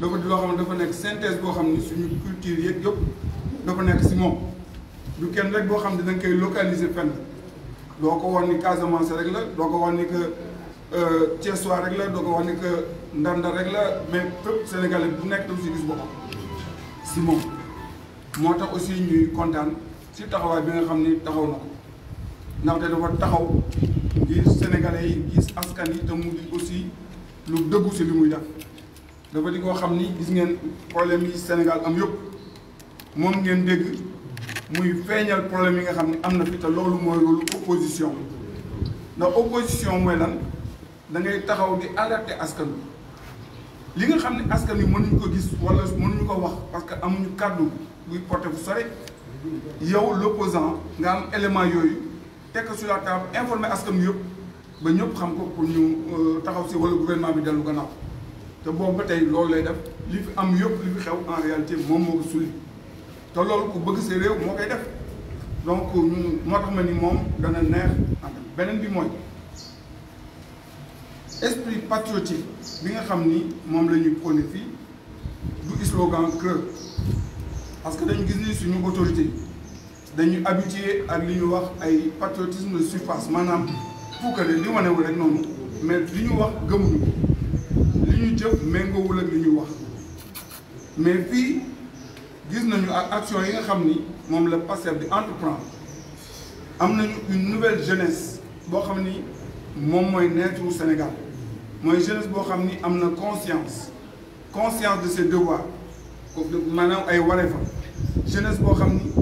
dafa di loo xam ne dafa nekk synthèse boo xam ni suñu culture yeeg yëpp dafa nekk si moom du kenn rek boo xam ne da nga koy localiser fenn doo ko wax ni Casamance rek la doo ko wax ni que euh, Thiès rek la doo ko wax que Ndanda rek la mais fépp Sénégalais bu nekk dafa si gis boppam si moo tax aussi ñuy kontaan si taxawaay bi nga xam ni taxaw na ko ndaxte dafa taxaw ngir Sénégalais yi gis askan yi te mu di aussi lu dëggu si li muy def dafa di koo xam ni gis ngeen problème yi Sénégal am yëpp moom ngeen dégg muy feeñal problème yi nga xam ne am na fi loolu mooy loolu opposition ndax opposition mooy lan da ngay taxaw di alerter askan wi li nga xam ne askan wi mënuñu ko gis wala mënuñu ko wax parce que am amuñu kàddu buy porté fu sore yow l'opposant nga am élément yooyu tekk sur la table informé askan wi yëpp ba ñëpp xam ko pour ñu euh, taxaw si wala gouvernement bi dellu gannaaw te boobu ba tey loolu lay def li fi am yëpp li fi xew en réalité moom moo ko sulli te lool ko bëgg sa réew moo koy def donc ñu moo tax ma ni moom dana neex àndam beneen bi mooy esprit patriotique bi nga xam ni moom la ñuy prôné fii du slogan creux parce que dañu gis ni suñu autorité dañuy dañu habitué ak li ñu wax ay patriotisme de surface maanaam pour que ne li wane wu rek noonu mais li ñu wax gëmuñu ñu jëf méngoowul ak li ñuy wax mais fii gis nañu ak action yi nga xam ni moom la Pastef di entreprendre am nañu une nouvelle jeunesse boo xam ni moom mooy naître Sénégal mooy jeunesse boo xam ni am na conscience conscience de ses devoirs maanaam ay wareefam jeunesse boo xam ni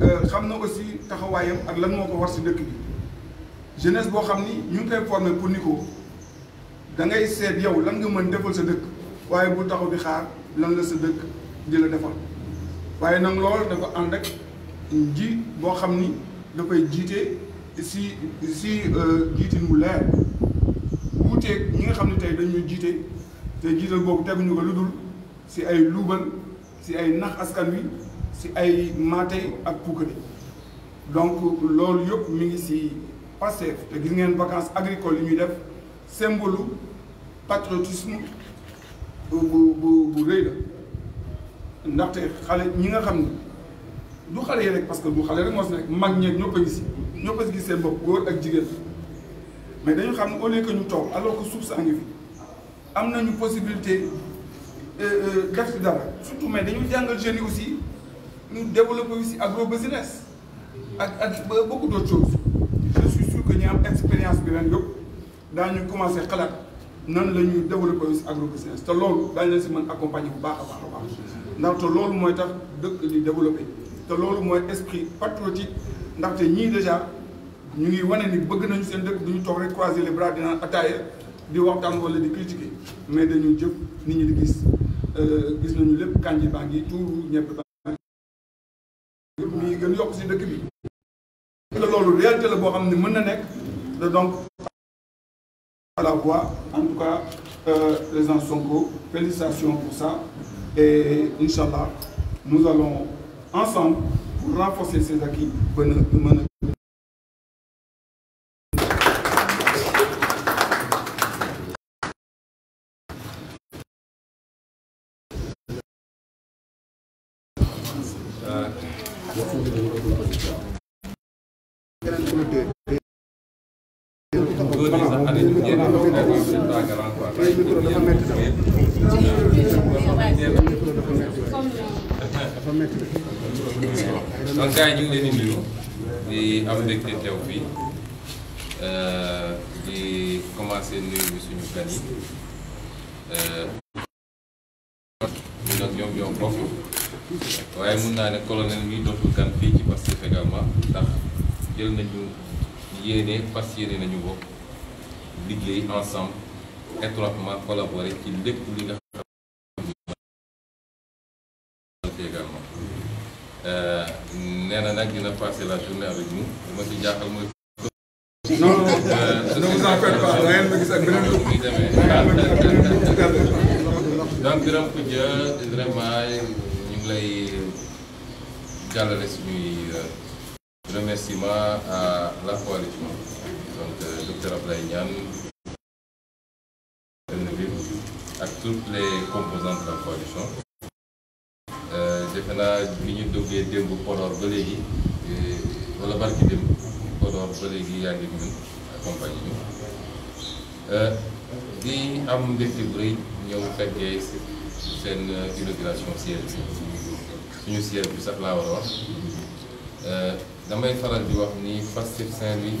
euh, xam na aussi taxawaayam ak lan moo ko war si dëkk bi jeunesse boo xam ni ñu ngi koy formé pour ni ko da seet yow lan nga mën defal sa dëkk waaye bu taxaw bi xaar lan la sa dëkk di la defal waaye nag loolu dafa ànd ak njiit boo xam ni koy jiite si si euh, jiitin mu leer wuuteeg ñi nga xam ne tey dañuy jiite te jiital boobu teguñu ko lu dul si ay luubal si ay nax askan wi si ay maatey ak puukare donc loolu yëpp mu ngi si Pastef te gis ngeen vacances agricoles li ñuy def symbole patriotisme bu bu bu rëy la ndaxte xale ñi nga xam ne du xale yi rek parce que bu xale rek moo si nekk mag ñeeg ñëpp a ngi si ñëpp a gis seen bopp góor ak jigéen mais dañu xam ne au que ñu toog alors que suuf saa ngi fi am ñu possibilité euh, euh, def ci dara surtout mais dañu jàngal jeunes yi aussi ñu développer aussi agro business ak ak beaucoup d' autres choses je suis que ñu am expérience bi ren yëpp. daañu commencé xalaat nan la ñuy développé aussi agrobusiness te loolu daañu leen si man accompagner bu baax a baax a loolu mooy tax dëkk di développé te loolu mooy esprit patriotique ndaxte ñii déjà ñu ngi wane ni bëgg nañu seen dëkk du ñu toog rek croiser les bras di naan ataaya di waxtaan wala di critiquer mais dañuy jëf nit ñi di gis euh, gis nañu lépp kànji baa ngi tuuru ñebe baa ngi mi ngi gën yokk si dëkk bi loolu réalité la boo xam ne mën na nekk la voix. En tout cas, euh, les Sonko, félicitations pour ça. Et Inch'Allah, nous allons ensemble renforcer ces acquis. Bonne, bonne... Euh... niveau des analyses ngeen di wax ay résultats nga teew fii di commencé nuyu suñu gan mun naa ne colonel mi dootul gan fii ci Pastef également ndax jël nañu yéene fas nañu bokk liggéey ensemble étroitement collaboré ci lépp li nga xam ne euh, na nag dina passer la journée avec nous li ma ci jaaxal mooy non euh, non ne vous en faites pas euh, da ngi lay jàllale suñuy remerciement à la coalition donc euh, docteur euh, defe naa bi ñu duggee démb Podor ba léegi euh, wala barki démb Podor ba léegi yaa ngi ñun accompagné ñu di am mbégte bu rëy ñëw fekkee seen inauguration siège suñu siège bi sax laa war a wax damay faral di wax ni Pastef Saint-Louis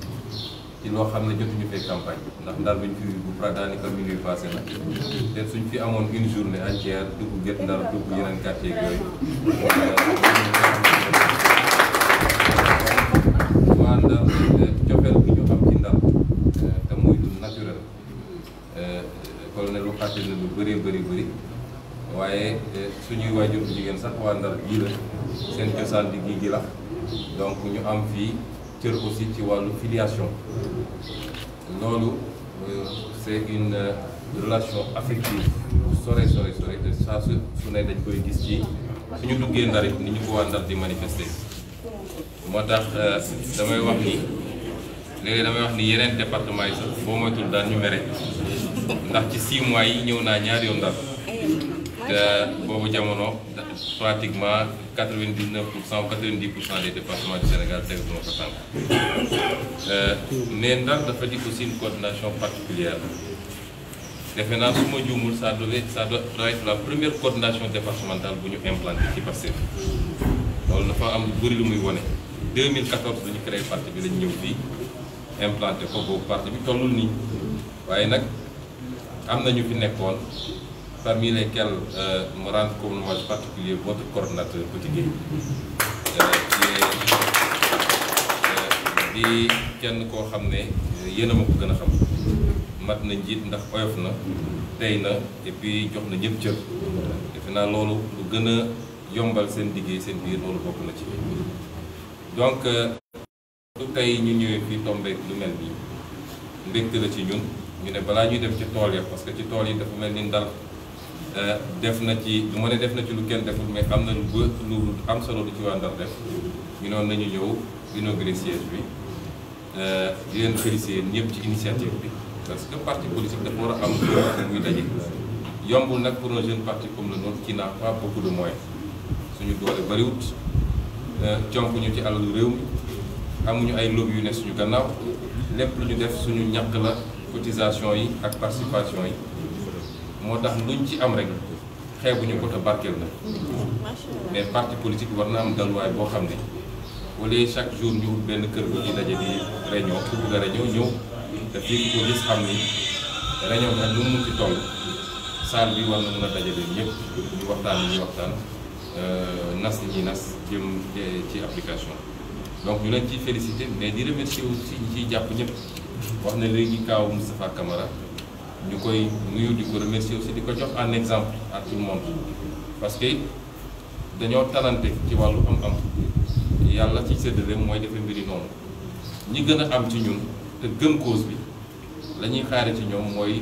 ci loo xam ne jotuñu fee campagne ndax ndar biñ fi bu pra daanaka minuit passé na te suñ fi amoon une journée entière dugg gét ndar dugg yeneen quartier yooyu waa ndar eh, cofeel bi ñu am ci ndar eh, te muy naturel kon lu xàttil na lu bëree bëri bëri waaye eh, suñuy waajur bu jigéen sax waa ndar jii la seen cosaan di gii gi donc ñu am fii cër aussi ci wàllu filiation loolu euh, c'est une euh, relation affective bu sore sore sore te saa su su ne dañ koy gis ci suñu duggee ndarit ni ñu ko waa ndar di manifester moo tax euh, damay wax ni léegi damay wax ni yeneen département yi sax boo moytul daan ñu mere ndax ci six mois yi ñëw naa ñaari yoon ndar boobu jamono pratiquement quatre vingt dix neuf pour cent ou quatre vingt dix pour cent des départements du Sénégal teg na ko tànk mais euh, Ndar dafa di aussi une coordination particulière defe naa su ma juumul ça devait ça doit être la première coordination départementale bu ñu implanté ci Pastef loolu dafa am bëri lu muy wone 2014 la ñu créé parti bi lañ ñëw bi implanté ko boobu parti bi nii waaye nag am na ñu fi nekkoon. parmi lesquels euh, me rendent comme hommage particulier votre coordonnateur Petit Gueye euh, euh kenn koo xam ne yéen a ma ko gën a xam mat na njiit ndax oyof na tey na et jox na ñëpp cër defe naa loolu lu gën a yombal seen liggéey seen biir loolu bokk na ci donc lu euh, tey ñu ñëwee fii tombeek lu mel nii mbégte ci ñun ñu ne balaa ñu dem ci tool ya parce que ci tool yi dafa mel ni ndal Euh, def na ci lu ma ne def na ci lu kenn deful mais am na lu bë lu am solo lu ci waa Ndar def ñu noonu nañu ñëw inauguré siège bi euh, di leen féliciter ñëpp ci initiative bi parce que parti politique dafa war a am muy daje yombul nag pour un jeune parti comme le nôtre qui n'a pas beaucoup de moyens suñu doole bariwut euh, conk ñu ci alalu réew mi amuñu ay lobby yu ne suñu gannaaw lépp lu ñu def suñu ñàkk la cotisation yi ak participation yi moo tax luñ ci am rek xeebuñu ko te barkeel na mais parti politique war na am dalwaay boo xam ne wala chaque jour ñu wut benn kër gi di daje di réunion ku bëgg a ñëw te fii xam ni réunion nag ci toll salle bi war na mën a dajale ñëpp ñu waxtaan ñu waxtaan euh, nas li ñuy nas jëm ci application donc ñu leen ci félicité mais di remercier aussi ñi ciy jàpp ñëpp wax na léegi kaaw Moustapha kamara ñu koy nuyu di ko remercier si di ko jox en exemple à tout le monde parce que dañoo talante ci wàllu am-am yàlla ci séddale mooy defe mbiri noonu ñi gën a am ci ñun te gëm cause bi lañuy ñuy ci ñoom mooy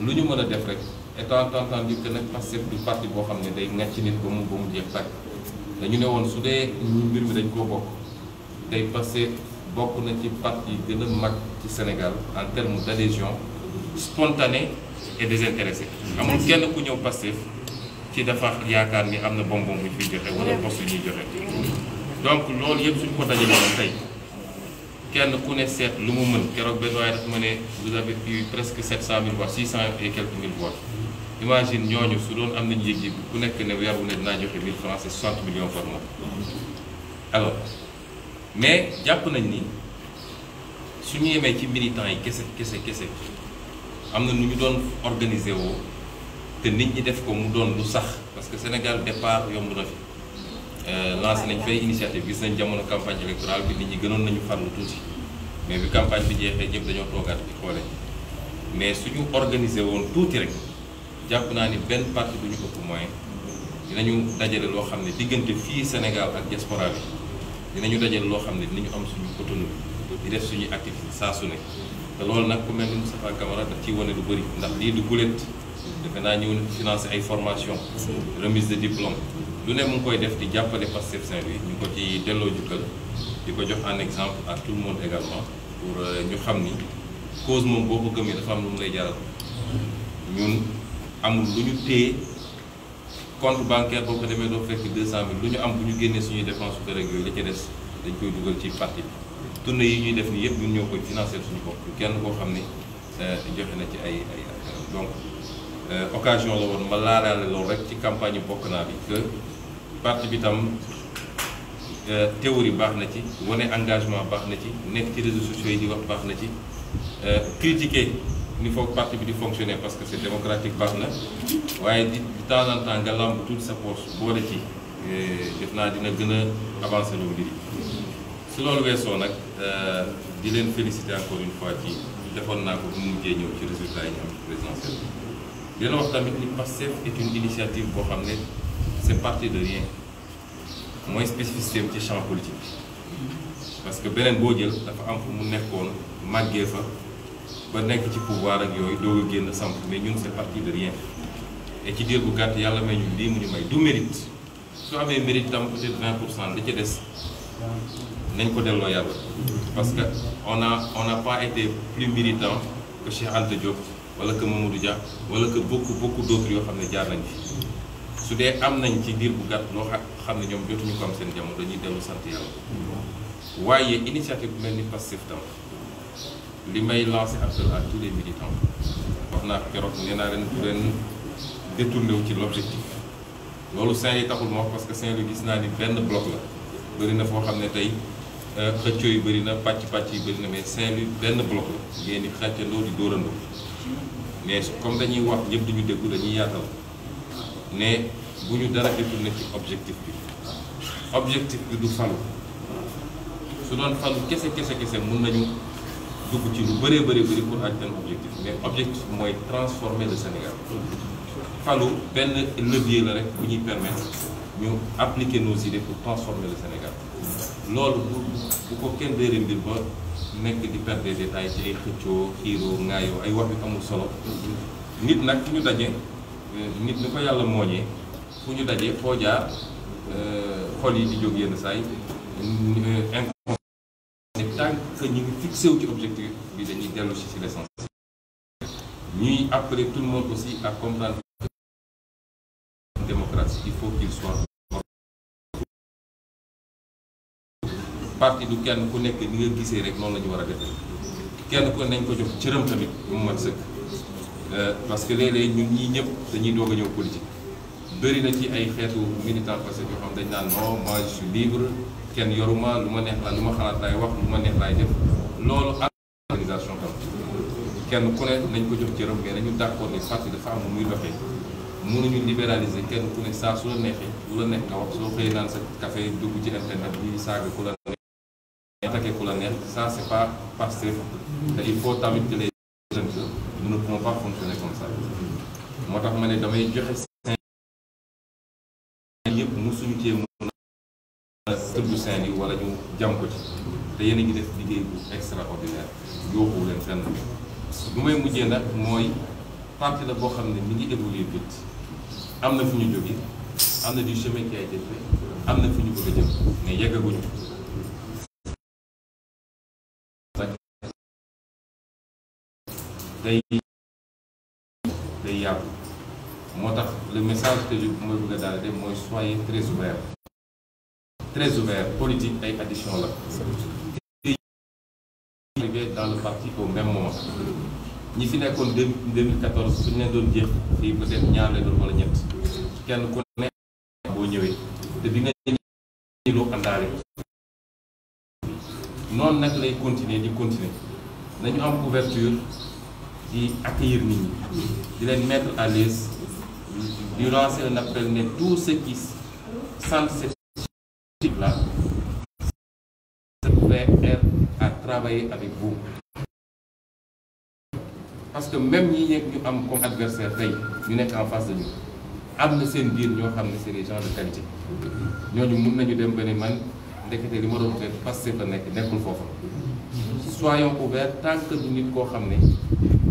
lu ñu mën a def rek étant entendu que nag Pastef du parti boo xam ne day ŋàcc nit ba mu ba mu jeex tàkk dañu ne woon su dee mbir mi dañ koo bokk tey Pastef bokk na ci parti yi gën a mag ci Sénégal en terme d'adhésion spontané et désintéressé amul kenn ku ñëw Pastef ci dafa yaakaar ni am na bonbon bu ñu fiy joxe wala bos yu ñuy donc loolu yëpp suñ ko dajaloon tey kenn ku ne seet lu mu mën keroog benn waaye dafa ma ne vous avez pu presque 700000 voix 600 et quelques mille voix imagine ñooñu su doon am nañu yëg-yëg ku nekk ne weer wu ne dinaa joxe 1000 francs c'est 60 millions par mois alors mais jàpp nañ ni ñu yemee ci militants yi kese kese kese. am na nu ñu doon organiser woo te nit ñi def ko mu doon lu sax parce que Sénégal départ yomb na fi euh, nañ fay initiative gis nañ jamono campagne électorale bi nit ñi gënoon nañu farlu tuuti mais bi campagne bi jeexee ñëpp dañoo toogaat di xoole mais suñu organiser woon tuuti rek jàpp naa ni benn parti du ñu ëpp moyen dinañu dajale loo xam ne diggante fii Sénégal ak diaspora bi dinañu dajale loo xam ne dinañu am suñu autonomie di def suñuy activité saa su ne te loolu nag ku mel ni Moustapha Camara daf ciy wone lu bëri ndax lii du guléet defe naa ñëw financé ay formation remise de diplôme lu ne mu ngi koy def di jàppale Pastef saint bi ñu ko ci delloo jukkal di ko jox en exemple à tout le monde également pour euh, ñu xam ni cause moom boo ko gëmee dafa am lu mu lay jaral ñun amul lu ñu téye compte bancaire boo ko demee doo fekk 200000 lu ñu am bu ñu génnee suñuy dépense su kër ak yooyu la ca des dañ koy dugal ci parti bi tournée yi ñuy def nii yëpp ñoo koy financé suñu bopp kenn koo xam ni euh, joxe na ci ay ay donc euh, occasion la woon ma laalaale loolu rek ci campagne yu bokk naa bi que parti bi tam euh, théorie baax na ci wane engagement baax na ci nekk ci réseaux sociaux yi di wax baax na ci critiquer ni foog parti bi di fonctionner parce que c'est démocratique baax na waaye di de temps en temps nga làmb tuuti sa poche boole ci def naa dina gën a avancer lu mbir su loolu weesoo nag euh, di leen féliciter encore une fois ci defoon naa ko bu mu mujjee ñëw ci résultat yi ñu am ci présidentiel bi wax tamit ni PASTEF est une initiative boo xam ne c'est parti de rien mooy spécificité ci champ politique parce que beneen boo jël dafa am fu mu nekkoon màggee fa ba nekk ci pouvoir ak yooyu doog génn samp mais ñun c'est parti de rien et ci diir bu gàtt yàlla may ñun lii mu ñu may du mérite su amee mérite tam peut-être 20 pour cent li ca des nañ ko delloo yàlla parce que on a n'a pas été plus militant que Cheikh Anta Diop wala que Mamadou Dia wala que beaucoup beaucoup d'autres yoo xam ne jaar nañ fi su dee am nañ ci giir bu gàtt loo xam ne ñoom jotuñu ko am seen jamono dañuy dellu sant yàlla waaye initiative bu mel ni Pastef tam li may lancé appel à tous les militants wax naa keroog nee naa leen bu leen détourné wu ci l'objectif loolu Saint-Louis taxul ma wax parce que Saint-Louis gis naa ni benn bloc la bëri na foo xam ne tey Euh, xëccoo yu bëri na pàcc pàcc yu bëri na mais Saint-Louis benn bloc la ngeen di xàccandoo di dóorandoo mais comme dañuy wax ñëpp duñu déggu dañuy yaatal ne bu ñu dara détourné ci objectif bi objectif bi du falu su doon falu kese kese kese mun nañu dugg ci lu bëree bëri bëri pour àgg objectif mais objectif mooy transformer le Sénégal falu benn levier la rek bu ñuy permettre ñu appliquer nos idées pour transformer le Sénégal loolu bu bu ko kenn réeré mbir ba nekk di perdre des ci ay xëccoo xiiroo ŋaayoo ay wax yu amul solo nit nag fu ñu daje euh, nit ñu ko yàlla mooñee fu ñu daje foo jaar euh, xol yi di jóg yenn saay euh, inconscient tant que ñu ngi fixé ci objectif bi dañuy dellu si si l'essence ñuy appeler tout le monde aussi à comprendre démocratie il faut qu'il soit parti du kenn ku nekk ni nga gisee rek noonu la ñu war a defee kenn ku nañ ko jox cëram tamit bu mu mat sëkk euh, parce que léeg-léeg ñun ñii ñëpp dañuy doog a ñëw politique bëri na ci ay xeetu militant parce que yoo xam dañ naan non moi je suis libre kenn yoruma lu ma neex la lu ma xalaat laay wax lu ma neex laay def loolu ak organisation tam kenn ku ne nañ ko jox cëram mais nañu d'accord ne parti dafa am muy doxee mënuñu libéraliser kenn ku ne saa su la neexee lu la neex nga wax soo xëyee naan sa café dugg ci internet bi saaga ku la attaquer colonel, ça c'est pas passé. Il faut tamit que les jeunes moo tax ma ne damay joxe Saint yëpp mosuñu cee mën wala ñu ko ci te yéen a ngi def liggéey bu extraordinaire yooxuwu leen fenn bu may mujjee nag mooy parti la boo xam ne mi ngi évoluer vite am na fu ñu jógee am na du chemin qui am na fu ñu bëgg a jëm mais yeggaguñu day day yàqu moo tax le message que je mooy bëgg a daal dem mooy soyez très ouvert très ouvert politique ay addition la arrivé dans le parti au même moment ñi fi nekkoon 2014 doon jeex fii peut ñaar leen doon wala ñett kenn ku ne boo ñëwee te di nga lu àndaale noonu nag lay continuer di continuer nañu am couverture di accueillir nit ñi di leen mettre à l'aise di parce que même yi ñëpp ñu am comme adversaire tey ñu nekk en face de ñu am na seen biir ñoo xam ne c'est des de qualité ñooñu mun nañu dem ba ne man ndekete li ma doon def Pastef la nekk nekkul foofu soyons ouverts tant du nit koo xam ne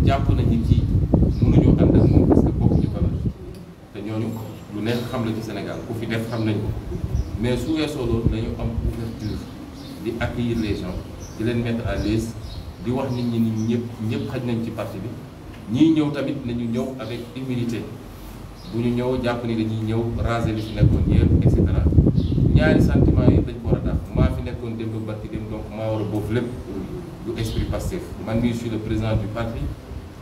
jàpp nañu kii mënuñoo ànd ak moom parce que bokkuñu valeur te ñoo ñooñu mu nekk xam la ci Sénégal ku fi def xam nañ ko mais su weesoo loolu nañu am ouverture di accueillir les gens di leen mettre à l'aise di wax nit ñi ni ñëpp ñëpp xaj nañ ci parti bi ñii ñëw tamit nañu ñëw avec humilité bu ñu ñëw jàpp ni dañuy ñëw raser li fi nekkoon yëpp et cetera ñaari sentiment yi dañ ko war a dàq maa fi nekkoon démb barki dem donc maa war a boofu lépp du esprit passif man mii je le président du parti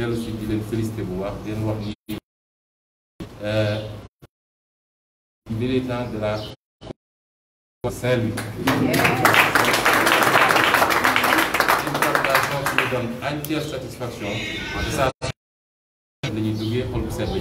dellu si di leen félicité bu baax di leen wax ni euh, militant de la Saint-Louis une collaboration qui nous donne entière satisfaction sa la ñuy duggee xol bu set